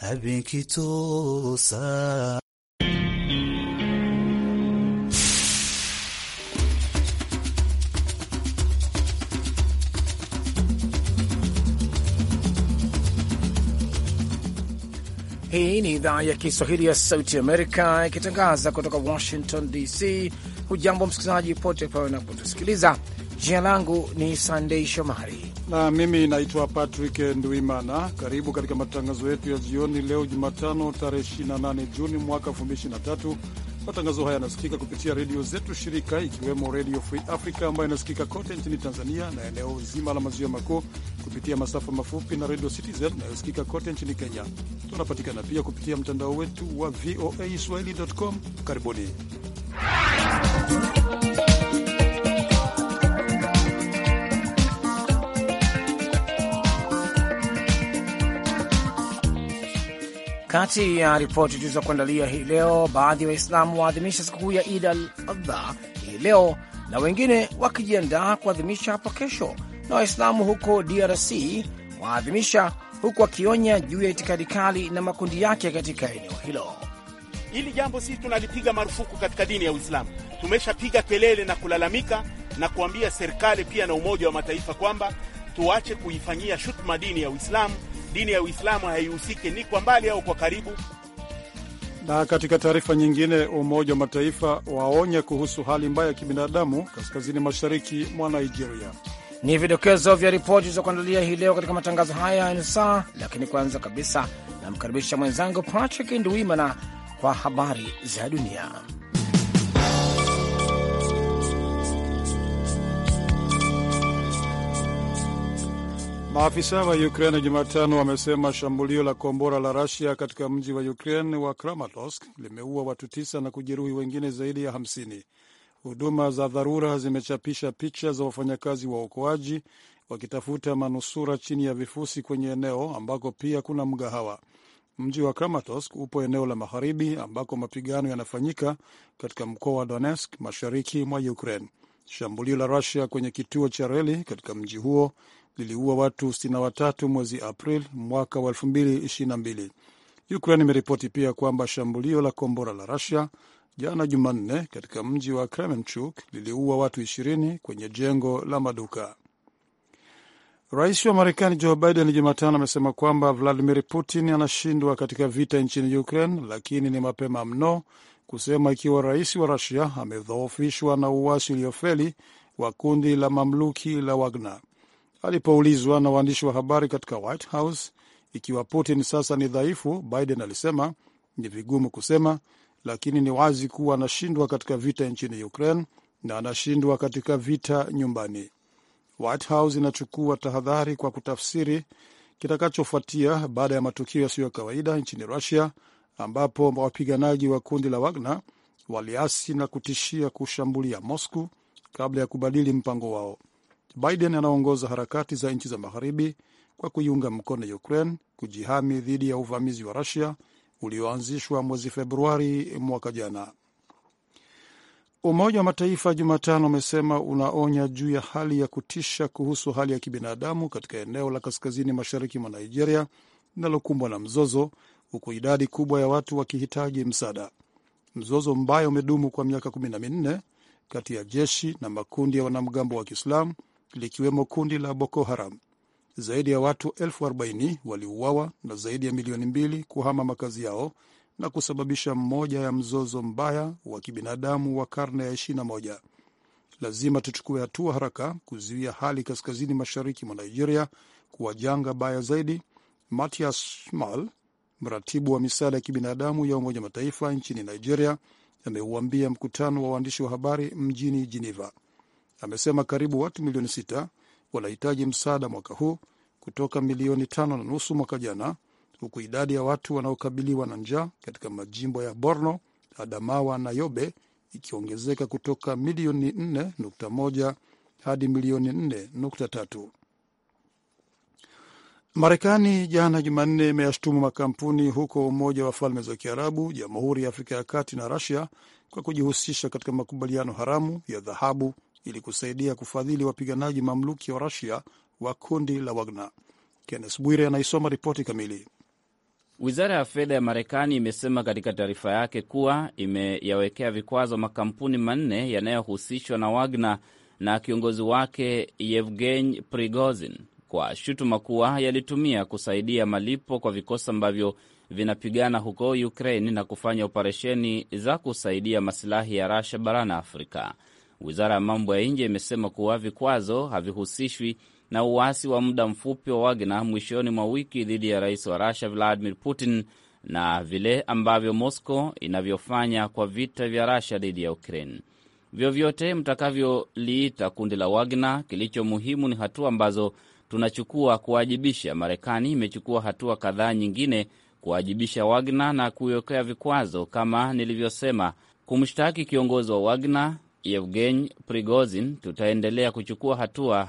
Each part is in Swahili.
abikitosa. Hii ni idhaa ya Kiswahili ya Sauti Amerika ikitangaza kutoka Washington DC. Hujambo msikilizaji pote pale unapotusikiliza. Jina langu ni Sandei Shomari na mimi naitwa Patrick Ndwimana. Karibu katika matangazo yetu ya jioni leo Jumatano, tarehe 28 Juni mwaka 2023. Matangazo haya yanasikika kupitia redio zetu shirika, ikiwemo Redio Free Africa ambayo inasikika kote nchini Tanzania na eneo zima la maziwa makuu kupitia masafa mafupi na Redio Citizen inayosikika kote nchini Kenya. Tunapatikana pia kupitia mtandao wetu wa VOA Swahili.com. Karibuni. Kati ya ripoti tulizokuandalia hii leo, baadhi ya wa Waislamu waadhimisha sikukuu ya Id al Adha hii leo na wengine wakijiandaa kuadhimisha hapo kesho, na Waislamu huko DRC waadhimisha huku wakionya juu ya itikadi kali na makundi yake katika eneo hilo. Hili jambo sisi tunalipiga marufuku katika dini ya Uislamu. Tumeshapiga kelele na kulalamika na kuambia serikali pia na Umoja wa Mataifa kwamba tuache kuifanyia shutuma dini ya Uislamu dini ya Uislamu haihusike ni kwa mbali au kwa karibu. Na katika taarifa nyingine, Umoja wa Mataifa waonya kuhusu hali mbaya ya kibinadamu kaskazini mashariki mwa Nigeria. Ni vidokezo vya ripoti za kuandalia hii leo katika matangazo haya ya nusu saa, lakini kwanza kabisa namkaribisha mwenzangu Patrick Nduimana kwa habari za dunia. Maafisa wa Ukraine Jumatano wamesema shambulio la kombora la Rusia katika mji wa Ukraine wa Kramatorsk limeua watu tisa na kujeruhi wengine zaidi ya hamsini. Huduma za dharura zimechapisha picha za wafanyakazi wa uokoaji wakitafuta manusura chini ya vifusi kwenye eneo ambako pia kuna mgahawa. Mji wa Kramatorsk upo eneo la magharibi ambako mapigano yanafanyika katika mkoa wa Donetsk, mashariki mwa Ukraine. Shambulio la Rusia kwenye kituo cha reli katika mji huo liliua watu 63 mwezi April mwaka wa 2022. Ukraine imeripoti pia kwamba shambulio la kombora la Rusia jana Jumanne katika mji wa Kremenchuk liliua watu 20 kwenye jengo la maduka. Rais wa Marekani Joe Biden Jumatano amesema kwamba Vladimir Putin anashindwa katika vita nchini Ukraine, lakini ni mapema mno kusema ikiwa rais wa Rusia amedhoofishwa na uasi uliofeli wa kundi la mamluki la Wagner. Alipoulizwa na waandishi wa habari katika White House ikiwa Putin sasa ni dhaifu, Biden alisema ni vigumu kusema, lakini ni wazi kuwa anashindwa katika vita nchini Ukraine na anashindwa katika vita nyumbani. White House inachukua tahadhari kwa kutafsiri kitakachofuatia baada ya matukio yasiyo ya kawaida nchini Russia ambapo wapiganaji wa kundi la Wagner waliasi na kutishia kushambulia Moscow kabla ya kubadili mpango wao. Biden anaongoza harakati za nchi za magharibi kwa kuiunga mkono Ukraine kujihami dhidi ya uvamizi wa Rusia ulioanzishwa mwezi Februari mwaka jana. Umoja wa Mataifa Jumatano umesema unaonya juu ya hali ya kutisha kuhusu hali ya kibinadamu katika eneo la kaskazini mashariki mwa Nigeria linalokumbwa na mzozo, huku idadi kubwa ya watu wakihitaji msaada. Mzozo mbaya umedumu kwa miaka kumi na minne kati ya jeshi na makundi ya wanamgambo wa Kiislamu likiwemo kundi la Boko Haram. Zaidi ya watu elfu arobaini waliuawa na zaidi ya milioni mbili kuhama makazi yao na kusababisha mmoja ya mzozo mbaya wa kibinadamu wa karne ya 21. Lazima tuchukue hatua haraka kuzuia hali kaskazini mashariki mwa Nigeria kuwa janga baya zaidi, Matias Schmal, mratibu wa misaada ya kibinadamu ya Umoja Mataifa nchini Nigeria, ameuambia mkutano wa waandishi wa habari mjini jiniva amesema karibu watu milioni sita wanahitaji msaada mwaka huu kutoka milioni tano na nusu mwaka jana, huku idadi ya watu wanaokabiliwa na njaa katika majimbo ya Borno, Adamawa na Yobe ikiongezeka kutoka milioni 4.1 hadi milioni 4.3. Marekani jana Jumanne imeyashutumu makampuni huko Umoja wa Falme za Kiarabu, Jamhuri ya Afrika ya Kati na rasia kwa kujihusisha katika makubaliano haramu ya dhahabu ili kusaidia kufadhili wapiganaji mamluki wa Rusia wa kundi la Wagner. Kennes Bwire anaisoma ripoti kamili. Wizara ya fedha ya Marekani imesema katika taarifa yake kuwa imeyawekea vikwazo makampuni manne yanayohusishwa na Wagner na kiongozi wake Yevgeny Prigozhin kwa shutuma kuwa yalitumia kusaidia malipo kwa vikosi ambavyo vinapigana huko Ukraine na kufanya operesheni za kusaidia masilahi ya rasha barani Afrika. Wizara ya mambo ya nje imesema kuwa vikwazo havihusishwi na uasi wa muda mfupi wa Wagner mwishoni mwa wiki dhidi ya rais wa Rusia Vladimir Putin na vile ambavyo Moscow inavyofanya kwa vita vya Rusia dhidi ya Ukraine. Vyovyote mtakavyoliita kundi la Wagner, kilicho muhimu ni hatua ambazo tunachukua kuwajibisha. Marekani imechukua hatua kadhaa nyingine kuwajibisha Wagner na kuiwekea vikwazo, kama nilivyosema, kumshtaki kiongozi wa Wagner Yevgeny Prigozhin, tutaendelea kuchukua hatua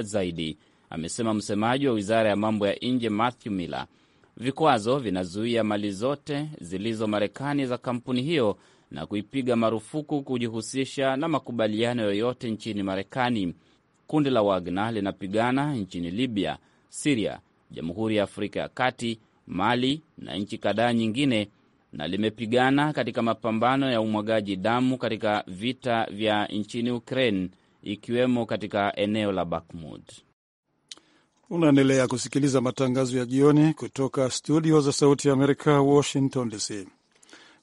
zaidi, amesema msemaji wa wizara ya mambo ya nje Matthew Miller. Vikwazo vinazuia mali zote zilizo Marekani za kampuni hiyo na kuipiga marufuku kujihusisha na makubaliano yoyote nchini Marekani. Kundi la Wagner linapigana nchini Libya, Siria, Jamhuri ya Afrika ya Kati, Mali na nchi kadhaa nyingine na limepigana katika mapambano ya umwagaji damu katika vita vya nchini Ukraine, ikiwemo katika eneo la Bakhmut. Unaendelea kusikiliza matangazo ya jioni kutoka studio za Sauti ya Amerika, Washington DC.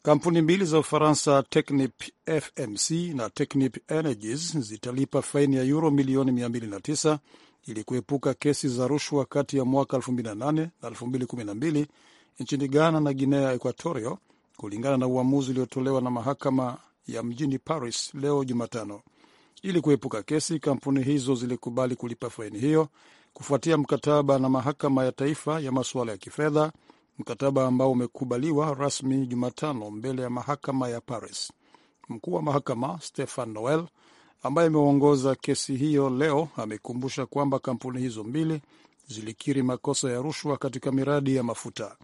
Kampuni mbili za Ufaransa, Technip FMC na Technip Energies, zitalipa faini ya yuro milioni 209 ili kuepuka kesi za rushwa kati ya mwaka 2008 na 2012 nchini Ghana na Guinea Equatorio, kulingana na uamuzi uliotolewa na mahakama ya mjini Paris leo Jumatano. Ili kuepuka kesi, kampuni hizo zilikubali kulipa faini hiyo kufuatia mkataba na mahakama ya taifa ya masuala ya kifedha, mkataba ambao umekubaliwa rasmi Jumatano mbele ya mahakama ya Paris. Mkuu wa mahakama Stefan Noel ambaye ameongoza kesi hiyo leo amekumbusha kwamba kampuni hizo mbili zilikiri makosa ya rushwa katika miradi ya mafuta.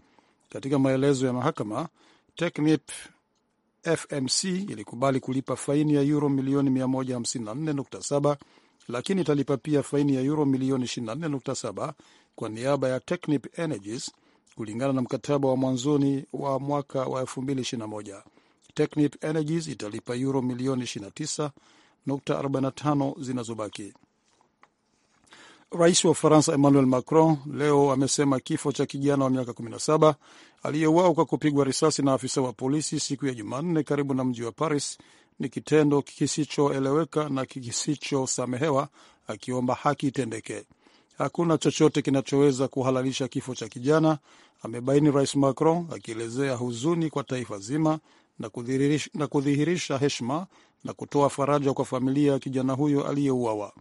Katika maelezo ya mahakama, Technip FMC ilikubali kulipa faini ya euro milioni 154.7 lakini italipa pia faini ya euro milioni 24.7 kwa niaba ya Technip Energies kulingana na mkataba wa mwanzoni wa mwaka wa 2021. Technip Energies italipa euro milioni 29.45 zinazobaki. Rais wa Ufaransa Emmanuel Macron leo amesema kifo cha kijana wa miaka 17 aliyeuawa kwa kupigwa risasi na afisa wa polisi siku ya Jumanne karibu na mji wa Paris ni kitendo kisichoeleweka na kisichosamehewa, akiomba haki itendeke. Hakuna chochote kinachoweza kuhalalisha kifo cha kijana, amebaini Rais Macron, akielezea huzuni kwa taifa zima na kudhihirisha heshima na kutoa faraja kwa familia ya kijana huyo aliyeuawa.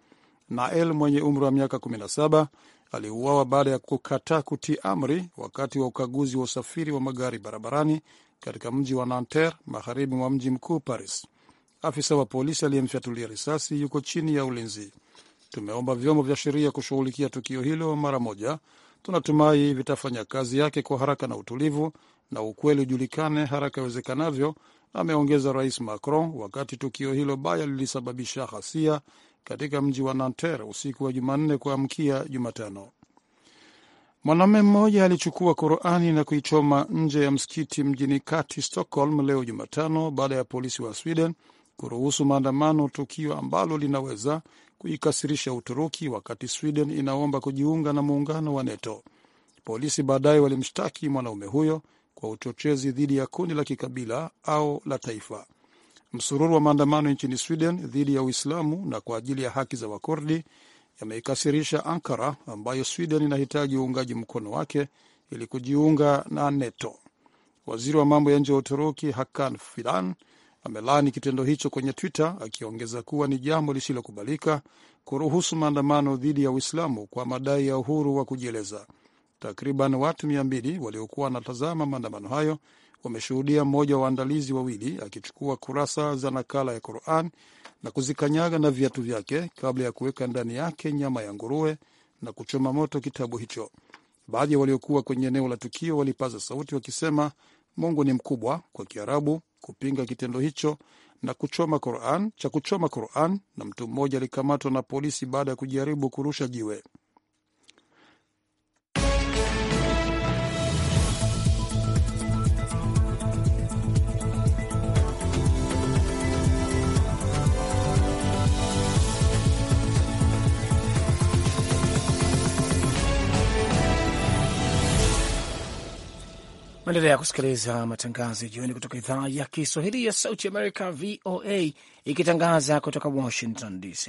Nael mwenye umri wa miaka 17 aliuawa baada ya kukataa kutii amri wakati wa ukaguzi wa usafiri wa magari barabarani katika mji wa Nanterre, magharibi mwa mji mkuu Paris. Afisa wa polisi aliyemfyatulia risasi yuko chini ya ulinzi. Tumeomba vyombo vya sheria kushughulikia tukio hilo mara moja. Tunatumai vitafanya kazi yake kwa haraka na utulivu, na ukweli ujulikane haraka iwezekanavyo, ameongeza Rais Macron, wakati tukio hilo baya lilisababisha ghasia katika mji wa nanter usiku wa Jumanne kuamkia Jumatano. Mwanamume mmoja alichukua Qurani na kuichoma nje ya msikiti mjini kati Stockholm leo Jumatano, baada ya polisi wa Sweden kuruhusu maandamano, tukio ambalo linaweza kuikasirisha Uturuki wakati Sweden inaomba kujiunga na muungano wa NATO. Polisi baadaye walimshtaki mwanaume huyo kwa uchochezi dhidi ya kundi la kikabila au la taifa. Msururu wa maandamano nchini Sweden dhidi ya Uislamu na kwa ajili ya haki za Wakurdi yameikasirisha Ankara ambayo Sweden inahitaji uungaji mkono wake ili kujiunga na NATO. Waziri wa mambo ya nje wa Uturuki Hakan Fidan amelaani kitendo hicho kwenye Twitter akiongeza kuwa ni jambo lisilokubalika kuruhusu maandamano dhidi ya Uislamu kwa madai ya uhuru wa kujieleza. Takriban watu mia mbili waliokuwa wanatazama maandamano hayo wameshuhudia mmoja wa waandalizi wawili akichukua kurasa za nakala ya Quran na kuzikanyaga na viatu vyake kabla ya kuweka ndani yake nyama ya nguruwe na kuchoma moto kitabu hicho. Baadhi ya waliokuwa kwenye eneo la tukio walipaza sauti wakisema, Mungu ni mkubwa, kwa Kiarabu, kupinga kitendo hicho na kuchoma Quran, cha kuchoma Quran, na mtu mmoja alikamatwa na polisi baada ya kujaribu kurusha jiwe. Maendelea kusikiliza matangazo ya jioni kutoka idhaa ya Kiswahili ya Sauti Amerika, VOA, ikitangaza kutoka Washington DC.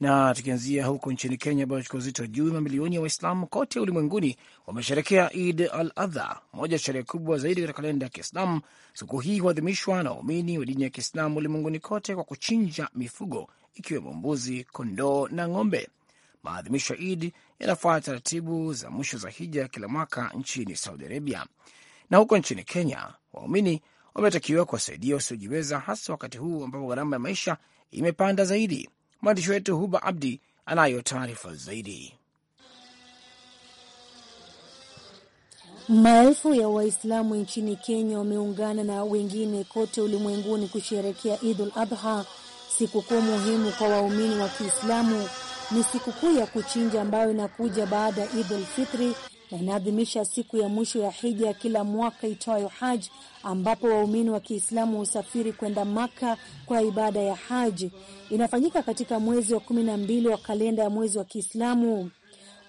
Na tukianzia huko nchini Kenya, ambayo chukua uzito juu, mamilioni ya Waislamu kote ulimwenguni wamesherekea Id al Adha, moja ya sherehe kubwa zaidi katika kalenda ya Kiislamu. Siku hii huadhimishwa na waumini wa dini ya Kiislamu ulimwenguni kote kwa kuchinja mifugo ikiwemo mbuzi, kondoo na ng'ombe. Maadhimisho ya Id yanafuata taratibu za mwisho za hija kila mwaka nchini Saudi Arabia. Na huko nchini Kenya, waumini wametakiwa kuwasaidia wasiojiweza, hasa wakati huu ambapo gharama ya maisha imepanda zaidi. Mwandishi wetu Huba Abdi anayo taarifa zaidi. Maelfu ya Waislamu nchini Kenya wameungana na wengine kote ulimwenguni kusherekea Idul Adha, sikukuu muhimu kwa waumini wa Kiislamu. Ni sikukuu ya kuchinja ambayo inakuja baada ya Idul Fitri na inaadhimisha siku ya mwisho ya hija kila mwaka itwayo Haj, ambapo waumini wa Kiislamu husafiri kwenda Maka kwa ibada ya haji. Inafanyika katika mwezi wa kumi na mbili wa kalenda ya mwezi wa Kiislamu.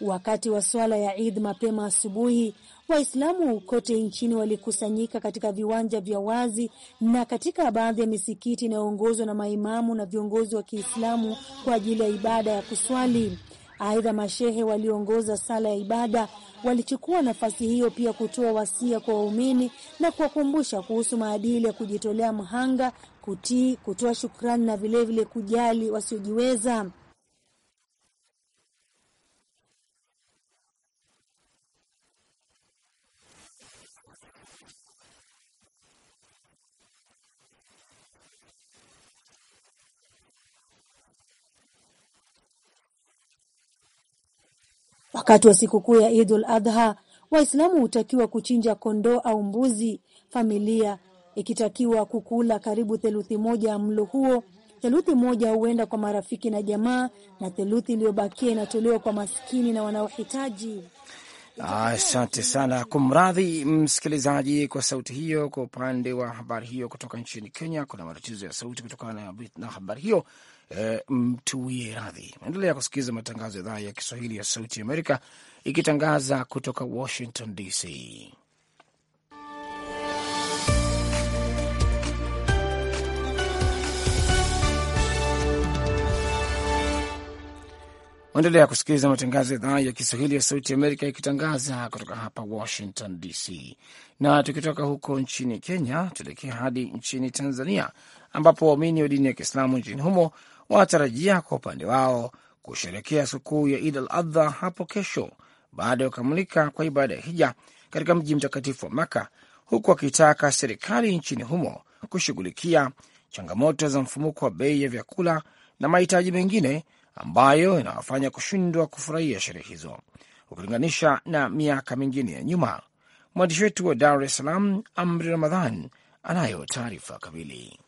Wakati wa swala ya idi mapema asubuhi, Waislamu kote nchini walikusanyika katika viwanja vya wazi na katika baadhi ya misikiti inayoongozwa na maimamu na viongozi wa Kiislamu kwa ajili ya ibada ya kuswali. Aidha, mashehe walioongoza sala ya ibada walichukua nafasi hiyo pia kutoa wasia kwa waumini na kuwakumbusha kuhusu maadili ya kujitolea mhanga, kutii, kutoa shukrani na vilevile vile kujali wasiojiweza. Wakati wa sikukuu ya Idul Adha, Waislamu hutakiwa kuchinja kondoo au mbuzi, familia ikitakiwa kukula karibu theluthi moja ya mlo huo. Theluthi moja huenda kwa marafiki na jamaa, na theluthi iliyobakia inatolewa kwa maskini na wanaohitaji. Asante sana, kumradhi msikilizaji kwa sauti hiyo. Kwa upande wa habari hiyo kutoka nchini Kenya, kuna matatizo ya sauti kutokana na habari hiyo Eh, mtuie radhi. Endelea kusikiliza matangazo ya idhaa ya Kiswahili ya Sauti Amerika ikitangaza kutoka Washington DC. Endelea kusikiliza matangazo ya idhaa ya Kiswahili ya Sauti Amerika ikitangaza kutoka hapa Washington DC. Na tukitoka huko nchini Kenya, tuelekea hadi nchini Tanzania, ambapo waumini wa dini ya Kiislamu nchini humo wanatarajia kwa upande wao kusherekea sikukuu ya Id al Adha hapo kesho baada ya kukamilika kwa ibada ya hija katika mji mtakatifu wa Maka, huku wakitaka serikali nchini humo kushughulikia changamoto za mfumuko wa bei ya vyakula na mahitaji mengine ambayo inawafanya kushindwa kufurahia sherehe hizo ukilinganisha na miaka mingine ya nyuma. Mwandishi wetu wa Dar es Salaam, Amri Ramadhan, anayo taarifa kamili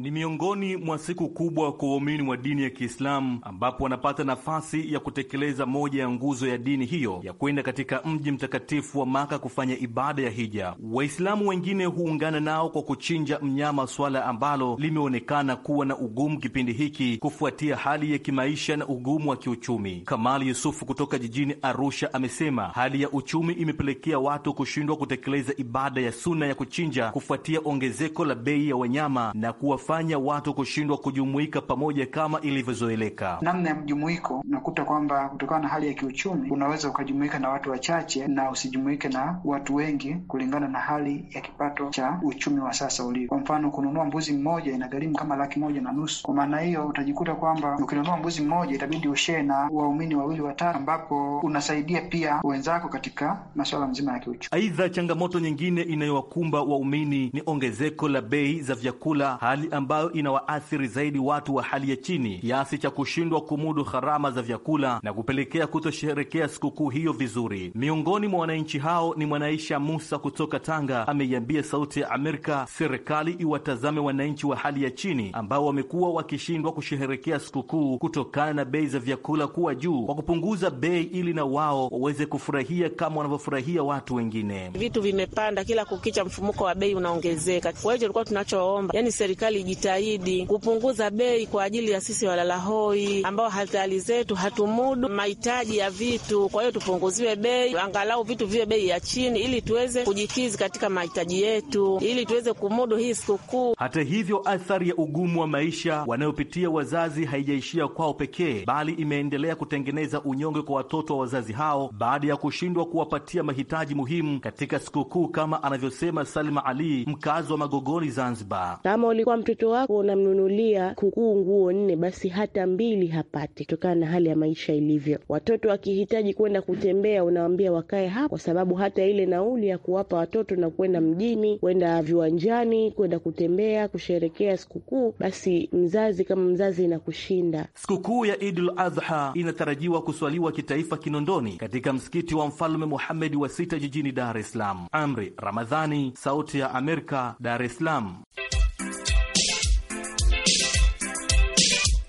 ni miongoni mwa siku kubwa kwa waumini wa dini ya Kiislamu ambapo wanapata nafasi ya kutekeleza moja ya nguzo ya dini hiyo ya kwenda katika mji mtakatifu wa Maka kufanya ibada ya hija. Waislamu wengine huungana nao kwa kuchinja mnyama, swala ambalo limeonekana kuwa na ugumu kipindi hiki kufuatia hali ya kimaisha na ugumu wa kiuchumi. Kamali Yusufu kutoka jijini Arusha amesema hali ya uchumi imepelekea watu kushindwa kutekeleza ibada ya suna ya kuchinja kufuatia ongezeko la bei ya wanyama na kuwa imefanya watu kushindwa kujumuika pamoja kama ilivyozoeleka. Namna ya mjumuiko, unakuta kwamba kutokana na hali ya kiuchumi unaweza ukajumuika na watu wachache na usijumuike na watu wengi kulingana na hali ya kipato cha uchumi wa sasa ulivo Kwa mfano, kununua mbuzi mmoja inagharimu kama laki moja na nusu. Kwa maana hiyo, utajikuta kwamba ukinunua mbuzi mmoja itabidi ushee na waumini wawili watatu, ambapo unasaidia pia wenzako katika masuala mzima ya kiuchumi. Aidha, changamoto nyingine inayowakumba waumini ni ongezeko la bei za vyakula, hali ambayo inawaathiri zaidi watu wa hali ya chini kiasi cha kushindwa kumudu gharama za vyakula na kupelekea kutosherekea sikukuu hiyo vizuri. Miongoni mwa wananchi hao ni Mwanaisha Musa kutoka Tanga, ameiambia Sauti ya Amerika serikali iwatazame wananchi wa hali ya chini ambao wamekuwa wakishindwa kusherekea sikukuu kutokana na bei za vyakula kuwa juu, kwa kupunguza bei ili na wao waweze kufurahia kama wanavyofurahia watu wengine. Vitu vimepanda kila kukicha, mfumuko wa bei unaongezeka. Kwa hiyo tulikuwa tunachoomba, yani serikali ilijitahidi kupunguza bei kwa ajili ya sisi walala hoi ambao hatali zetu hatumudu mahitaji ya vitu. Kwa hiyo tupunguziwe bei, angalau vitu viwe bei ya chini, ili tuweze kujikizi katika mahitaji yetu, ili tuweze kumudu hii sikukuu. Hata hivyo, athari ya ugumu wa maisha wanayopitia wazazi haijaishia kwao pekee, bali imeendelea kutengeneza unyonge kwa watoto wa wazazi hao baada ya kushindwa kuwapatia mahitaji muhimu katika sikukuu, kama anavyosema Salma Ali, mkazi wa Magogoni, Zanzibar. Kama ulikuwa mtoto wako unamnunulia kukuu nguo nne, basi hata mbili hapati, kutokana na hali ya maisha ilivyo. Watoto wakihitaji kwenda kutembea, unawambia wakae hapa, kwa sababu hata ile nauli ya kuwapa watoto na kwenda mjini, kwenda viwanjani, kwenda kutembea, kusherekea sikukuu, basi mzazi kama mzazi inakushinda. Sikukuu ya Idul Adha inatarajiwa kuswaliwa kitaifa Kinondoni, katika msikiti wa Mfalme Muhamedi wa sita jijini Dar es Salaam. Amri Ramadhani, Sauti ya Amerika, Dar es Salaam.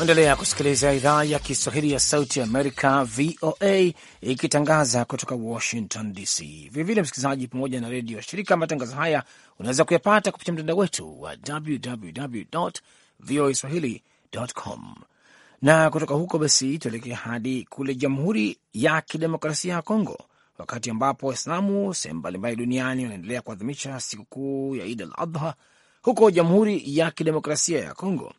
Endelea kusikiliza idhaa ya Kiswahili ya Sauti Amerika, VOA, ikitangaza kutoka Washington DC. Vilevile msikilizaji, pamoja na redio shirika, matangazo haya unaweza kuyapata kupitia mtandao wetu wa www voa swahili.com. Na kutoka huko basi, tuelekea hadi kule Jamhuri ya Kidemokrasia ya Kongo, wakati ambapo Waislamu sehemu mbalimbali duniani wanaendelea kuadhimisha sikukuu ya Id al Adha. Huko Jamhuri ya Kidemokrasia ya Kongo,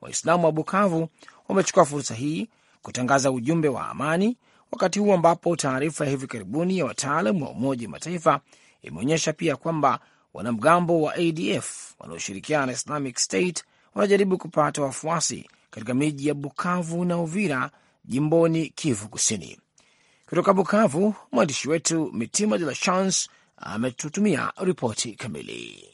Waislamu wa Bukavu wamechukua fursa hii kutangaza ujumbe wa amani, wakati huu ambapo taarifa ya hivi karibuni ya wataalam wa Umoja wa Mataifa imeonyesha pia kwamba wanamgambo wa ADF wanaoshirikiana na Islamic State wanajaribu kupata wafuasi katika miji ya Bukavu na Uvira jimboni Kivu Kusini. Kutoka Bukavu, mwandishi wetu Mitima De La Chance ametutumia ripoti kamili.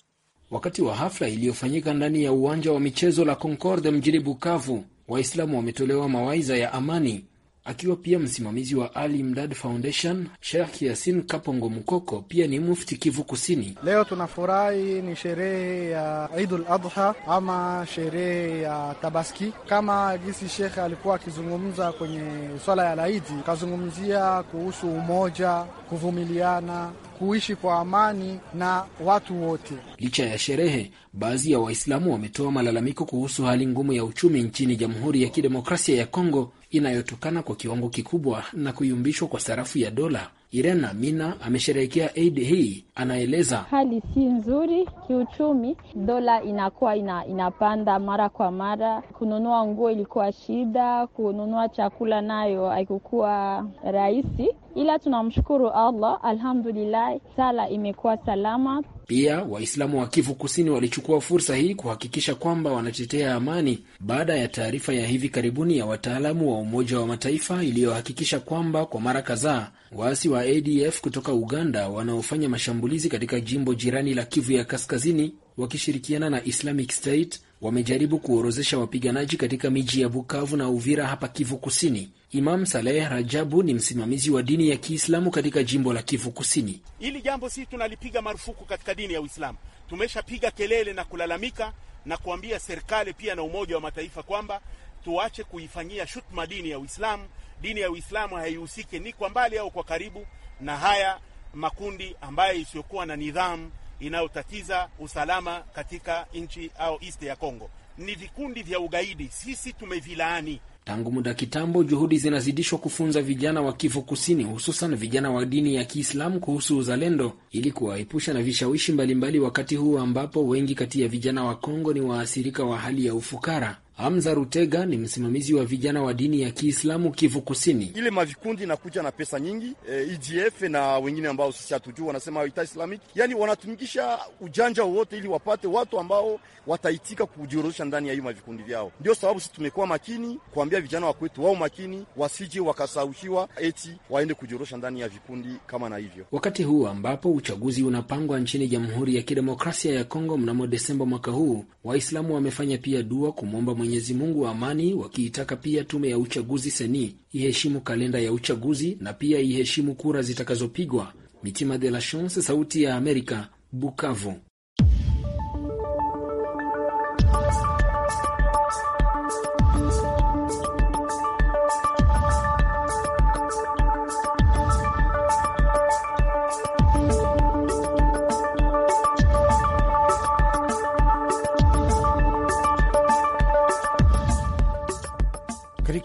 Wakati wa hafla iliyofanyika ndani ya uwanja wa michezo la Concorde mjini Bukavu, Waislamu wametolewa mawaidha ya amani. Akiwa pia msimamizi wa Ali Mdad Foundation, Sheikh Yasin Kapongo mukoko pia ni mufti Kivu Kusini. Leo tunafurahi, ni sherehe ya Idul Adha ama sherehe ya Tabaski. Kama gisi Sheikh alikuwa akizungumza kwenye swala ya laidi, akazungumzia kuhusu umoja, kuvumiliana kuishi kwa amani na watu wote. Licha ya sherehe, baadhi ya Waislamu wametoa malalamiko kuhusu hali ngumu ya uchumi nchini Jamhuri ya Kidemokrasia ya Kongo inayotokana kwa kiwango kikubwa na kuyumbishwa kwa sarafu ya dola. Irena Mina amesherehekea Eid hii, anaeleza hali si nzuri kiuchumi, dola inakuwa ina, inapanda mara kwa mara. Kununua nguo ilikuwa shida, kununua chakula nayo haikukuwa rahisi ila tunamshukuru Allah, alhamdulillah, sala imekuwa salama. Pia Waislamu wa Kivu Kusini walichukua fursa hii kuhakikisha kwamba wanatetea amani baada ya taarifa ya hivi karibuni ya wataalamu wa Umoja wa Mataifa iliyohakikisha kwamba kwa mara kadhaa waasi wa ADF kutoka Uganda wanaofanya mashambulizi katika jimbo jirani la Kivu ya Kaskazini wakishirikiana na Islamic State wamejaribu kuorozesha wapiganaji katika miji ya Bukavu na Uvira hapa Kivu Kusini. Imam Saleh Rajabu ni msimamizi wa dini ya Kiislamu katika jimbo la Kivu Kusini. Hili jambo sisi tunalipiga marufuku katika dini ya Uislamu. Tumeshapiga kelele na kulalamika na kuambia serikali pia na Umoja wa Mataifa kwamba tuache kuifanyia shutuma dini ya Uislamu. Dini ya Uislamu haihusike ni kwa mbali au kwa karibu na haya makundi ambayo isiyokuwa na nidhamu inayotatiza usalama katika nchi au east ya Kongo ni vikundi vya ugaidi. Sisi tumevilaani tangu muda kitambo. Juhudi zinazidishwa kufunza vijana wa Kivu Kusini, hususan vijana wa dini ya Kiislamu kuhusu uzalendo ili kuwaepusha na vishawishi mbalimbali, wakati huu ambapo wengi kati ya vijana wa Kongo ni waathirika wa hali ya ufukara. Hamza Rutega ni msimamizi wa vijana wa dini ya Kiislamu Kivu Kusini. Ile mavikundi inakuja na pesa nyingi eh, e, EDF na wengine ambao sisi hatujua wanasema wita Islamic, yani wanatumikisha ujanja wowote ili wapate watu ambao wataitika kujiorozesha ndani ya hiyo mavikundi vyao. Ndio sababu sisi tumekuwa makini kuambia vijana wakwetu wao makini, wasije wakasaushiwa eti waende kujiorozesha ndani ya vikundi kama na hivyo. Wakati huu ambapo uchaguzi unapangwa nchini Jamhuri ya Kidemokrasia ya Kongo mnamo Desemba mwaka huu, Waislamu wamefanya pia dua kumwomba Mwenyezi Mungu wa amani, wakiitaka pia tume ya uchaguzi seni iheshimu kalenda ya uchaguzi na pia iheshimu kura zitakazopigwa. Mitima de la Chance, Sauti ya Amerika, Bukavu.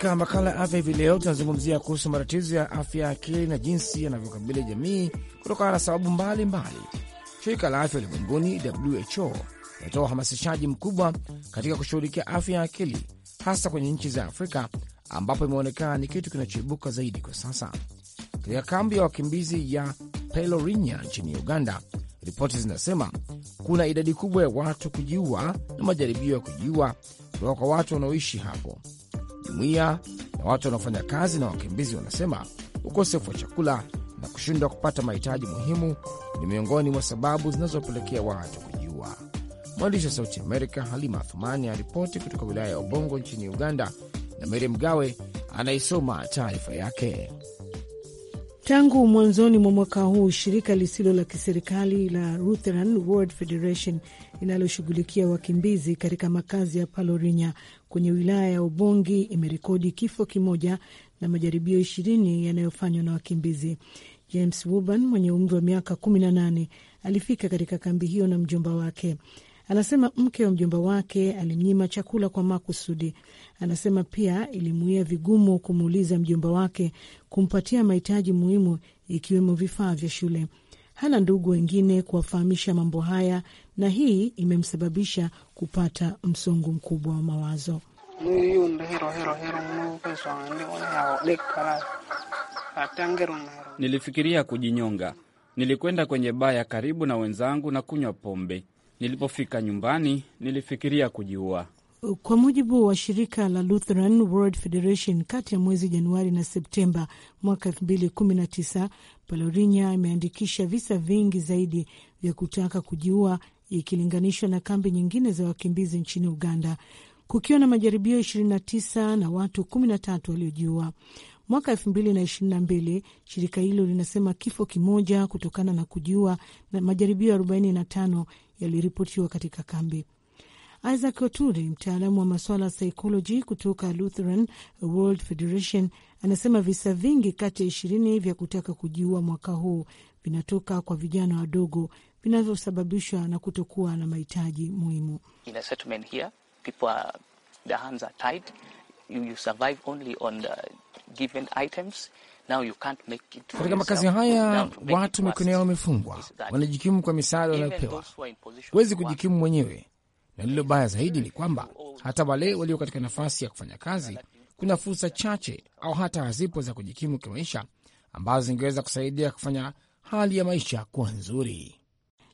Katika makala ya afya hivi leo tunazungumzia kuhusu matatizo ya afya ya akili na jinsi yanavyokabili jamii kutokana na sababu mbalimbali. Shirika la afya ulimwenguni WHO inatoa uhamasishaji mkubwa katika kushughulikia afya ya akili, hasa kwenye nchi za Afrika ambapo imeonekana ni kitu kinachoibuka zaidi kwa sasa. Katika kambi ya wakimbizi ya Pelorinya nchini Uganda, ripoti zinasema kuna idadi kubwa ya watu kujiua na majaribio ya kujiua kutoka kwa watu wanaoishi hapo. Jumuiya na watu wanaofanya kazi na wakimbizi wanasema ukosefu wa chakula na kushindwa kupata mahitaji muhimu ni miongoni mwa sababu zinazopelekea watu kujiua. Mwandishi wa Sauti Amerika Halima Athumani aripoti kutoka wilaya ya Obongo nchini Uganda, na Meri Mgawe anaisoma taarifa yake. Tangu mwanzoni mwa mwaka huu shirika lisilo la kiserikali la Lutheran World Federation linaloshughulikia wakimbizi katika makazi ya Palorinya kwenye wilaya ya Ubongi imerekodi kifo kimoja na majaribio ishirini yanayofanywa na wakimbizi. James Wuban mwenye umri wa miaka 18 alifika katika kambi hiyo na mjomba wake. Anasema mke wa mjomba wake alimnyima chakula kwa makusudi. Anasema pia ilimuia vigumu kumuuliza mjomba wake kumpatia mahitaji muhimu ikiwemo vifaa vya shule. Hana ndugu wengine kuwafahamisha mambo haya, na hii imemsababisha kupata msongo mkubwa wa mawazo. Nilifikiria kujinyonga. Nilikwenda kwenye baa ya karibu na wenzangu na kunywa pombe. Nilipofika nyumbani nilifikiria kujiua. Kwa mujibu wa shirika la Lutheran World Federation, kati ya mwezi Januari na Septemba mwaka 2019 Palorinya imeandikisha visa vingi zaidi vya kutaka kujiua ikilinganishwa na kambi nyingine za wakimbizi nchini Uganda, kukiwa na majaribio 29 na watu 13 waliojiua. Mwaka elfu mbili na ishirini na mbili shirika hilo linasema kifo kimoja kutokana na kujiua na majaribio arobaini na tano yaliripotiwa katika kambi. Isaac Oturi, mtaalamu wa masuala ya saikoloji kutoka Lutheran World Federation, anasema visa vingi kati ya ishirini vya kutaka kujiua mwaka huu vinatoka kwa vijana wadogo vinavyosababishwa na kutokuwa na mahitaji muhimu you, you survive only on the given items. Now you can't make it. Katika makazi haya watu mikono yao wamefungwa, wanajikimu kwa misaada wanayopewa, huwezi kujikimu mwenyewe, na lilo baya zaidi ni kwamba hata wale walio katika nafasi ya kufanya kazi, kuna fursa chache au hata hazipo za kujikimu kimaisha ambazo zingeweza kusaidia kufanya hali ya maisha kuwa nzuri.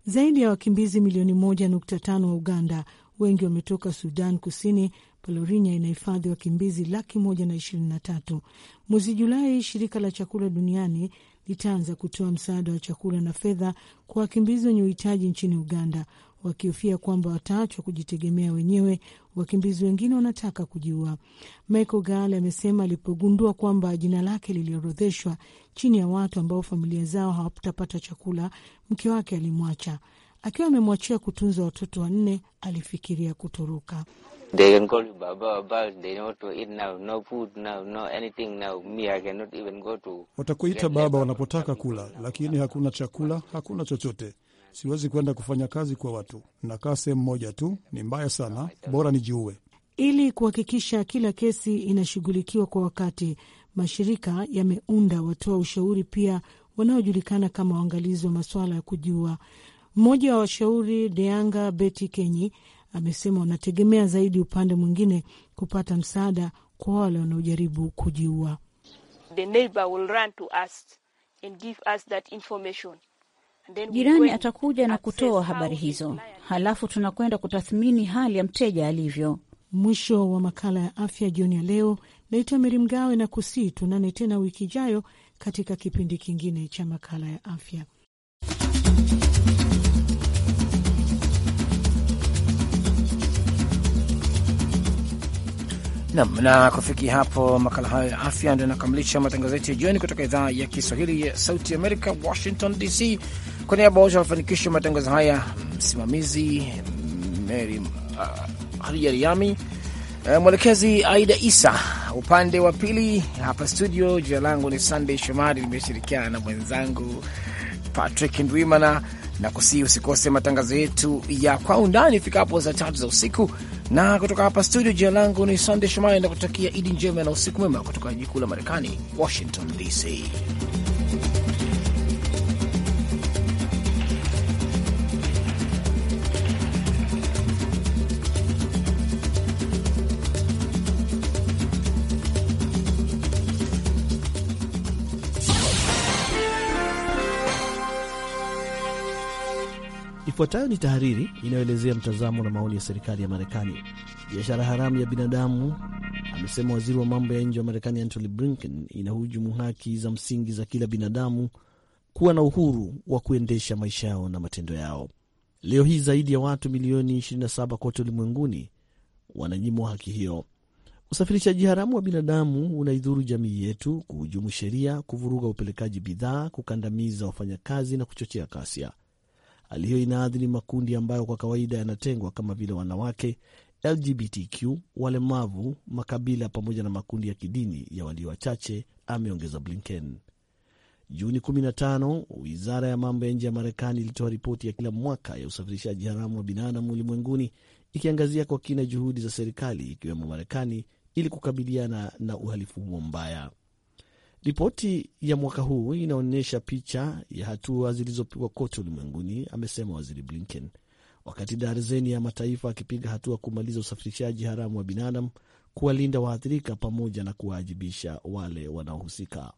Zaidi ya wakimbizi milioni 1.5 wa Uganda, wengi wametoka Sudan Kusini ina hifadhi wakimbizi laki moja na ishirini na tatu. Mwezi Julai, shirika la chakula duniani litaanza kutoa msaada wa chakula na fedha kwa wakimbizi wenye uhitaji nchini Uganda, wakihofia kwamba wataachwa kujitegemea wenyewe. Wakimbizi wengine wanataka kujiua. Michael Gal amesema alipogundua kwamba jina lake liliorodheshwa chini ya watu ambao familia zao hawatapata chakula, mke wake alimwacha. Akiwa amemwachia kutunza watoto wanne, alifikiria kutoroka. They can call you Baba Baba, they know to eat now, no food now, no anything now. Me, I cannot even go to... Watakuita baba wanapotaka kula, lakini hakuna chakula, hakuna chochote. Siwezi kwenda kufanya kazi kwa watu, nakaa sehemu moja tu, ni mbaya sana, bora nijiue. Ili kuhakikisha kila kesi inashughulikiwa kwa wakati, mashirika yameunda watoa ushauri pia wanaojulikana kama waangalizi wa masuala ya kujua Mmoja wa washauri Deanga Beti Kenyi amesema wanategemea zaidi upande mwingine kupata msaada kwa wale wanaojaribu kujiua. Jirani atakuja na kutoa habari hizo, halafu tunakwenda kutathmini hali ya mteja alivyo. Mwisho wa makala ya afya jioni ya leo. Naitwa Meri Mgawe na kusii, tunane tena wiki ijayo katika kipindi kingine cha makala ya afya. nam. Na kufikia hapo, makala hayo ya afya ndio yanakamilisha matangazo yetu ya jioni kutoka idhaa ya Kiswahili ya Sauti Amerika, Washington DC. Kwa niaba wote wanafanikisha matangazo haya, msimamizi Mary uh, Hariariami, uh, mwelekezi Aida Isa, upande wa pili hapa studio. Jina langu ni Sandey Shomari, limeshirikiana na mwenzangu Patrick Ndwimana na kusii usikose matangazo yetu ya kwa undani ifikapo saa tatu za usiku. Na kutoka hapa studio, jina langu ni Sande Shomari na Idi njema na usiku mwema kutoka jikuu la Marekani, Washington DC. Ifuatayo ni tahariri inayoelezea mtazamo na maoni ya serikali ya Marekani. Biashara haramu ya binadamu, amesema waziri wa mambo ya nje wa Marekani Antony Blinken, inahujumu haki za msingi za kila binadamu kuwa na uhuru wa kuendesha maisha yao na matendo yao. Leo hii zaidi ya watu milioni 27 kote ulimwenguni wananyimwa haki hiyo. Usafirishaji haramu wa binadamu unaidhuru jamii yetu, kuhujumu sheria, kuvuruga upelekaji bidhaa, kukandamiza wafanyakazi na kuchochea kasia. Hali hiyo inaathiri makundi ambayo kwa kawaida yanatengwa kama vile wanawake, LGBTQ, walemavu, makabila pamoja na makundi ya kidini ya walio wachache, ameongeza Blinken. Juni 15 wizara ya mambo ya nje ya Marekani ilitoa ripoti ya kila mwaka ya usafirishaji haramu wa binadamu ulimwenguni, ikiangazia kwa kina juhudi za serikali ikiwemo Marekani ili kukabiliana na uhalifu huo mbaya. Ripoti ya mwaka huu inaonyesha picha ya hatua zilizopigwa kote ulimwenguni, amesema Waziri Blinken, wakati darzeni ya mataifa akipiga hatua kumaliza usafirishaji haramu wa binadamu, kuwalinda waathirika pamoja na kuwaajibisha wale wanaohusika.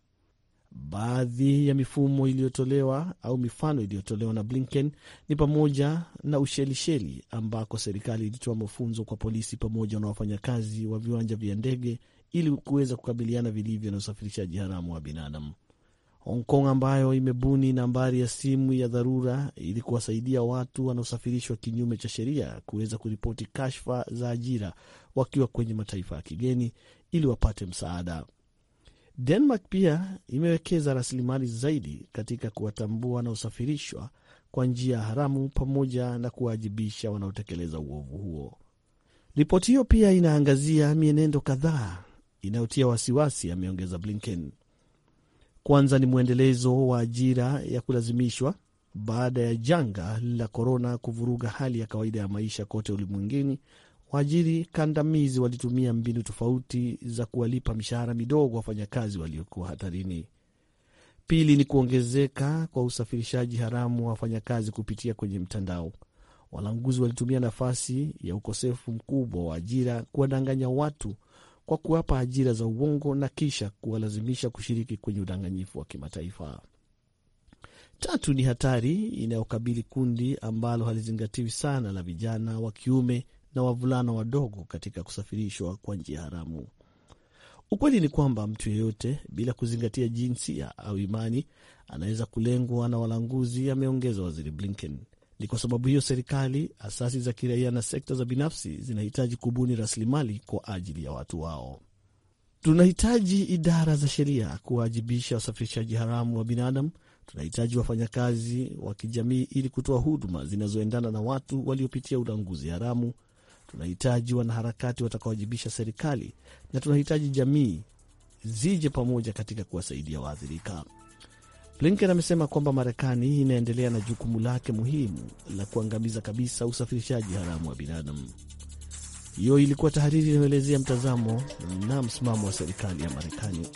Baadhi ya mifumo iliyotolewa au mifano iliyotolewa na Blinken ni pamoja na Ushelisheli ambako serikali ilitoa mafunzo kwa polisi pamoja na wafanyakazi wa viwanja vya ndege ili kuweza kukabiliana vilivyo na usafirishaji haramu wa binadamu. Hong Kong ambayo imebuni nambari ya simu ya dharura ili kuwasaidia watu wanaosafirishwa kinyume cha sheria kuweza kuripoti kashfa za ajira wakiwa kwenye mataifa ya kigeni ili wapate msaada. Denmark pia imewekeza rasilimali zaidi katika kuwatambua wanaosafirishwa kwa njia ya haramu pamoja na kuwaajibisha wanaotekeleza uovu huo. Ripoti hiyo pia inaangazia mienendo kadhaa inayotia wasiwasi, ameongeza Blinken. Kwanza ni mwendelezo wa ajira ya kulazimishwa baada ya janga la korona kuvuruga hali ya kawaida ya maisha kote ulimwengini. Waajiri kandamizi walitumia mbinu tofauti za kuwalipa mishahara midogo wafanyakazi waliokuwa hatarini. Pili ni kuongezeka kwa usafirishaji haramu wa wafanyakazi kupitia kwenye mtandao. Walanguzi walitumia nafasi ya ukosefu mkubwa wa ajira kuwadanganya watu kwa kuwapa ajira za uongo na kisha kuwalazimisha kushiriki kwenye udanganyifu wa kimataifa. Tatu ni hatari inayokabili kundi ambalo halizingatiwi sana la vijana wa kiume na wavulana wadogo katika kusafirishwa kwa njia haramu. Ukweli ni kwamba mtu yeyote bila kuzingatia jinsia au imani anaweza kulengwa na walanguzi, ameongeza Waziri Blinken. Ni kwa sababu hiyo serikali, asasi za kiraia na sekta za binafsi zinahitaji kubuni rasilimali kwa ajili ya watu wao. Tunahitaji idara za sheria kuwajibisha wasafirishaji haramu wa binadamu. Tunahitaji wafanyakazi wa kijamii ili kutoa huduma zinazoendana na watu waliopitia ulanguzi haramu. Tunahitaji wanaharakati watakaowajibisha serikali, na tunahitaji jamii zije pamoja katika kuwasaidia waathirika. Blinken amesema kwamba Marekani inaendelea na jukumu lake muhimu la kuangamiza kabisa usafirishaji haramu wa binadamu. Hiyo ilikuwa tahariri inayoelezea mtazamo na msimamo wa serikali ya Marekani.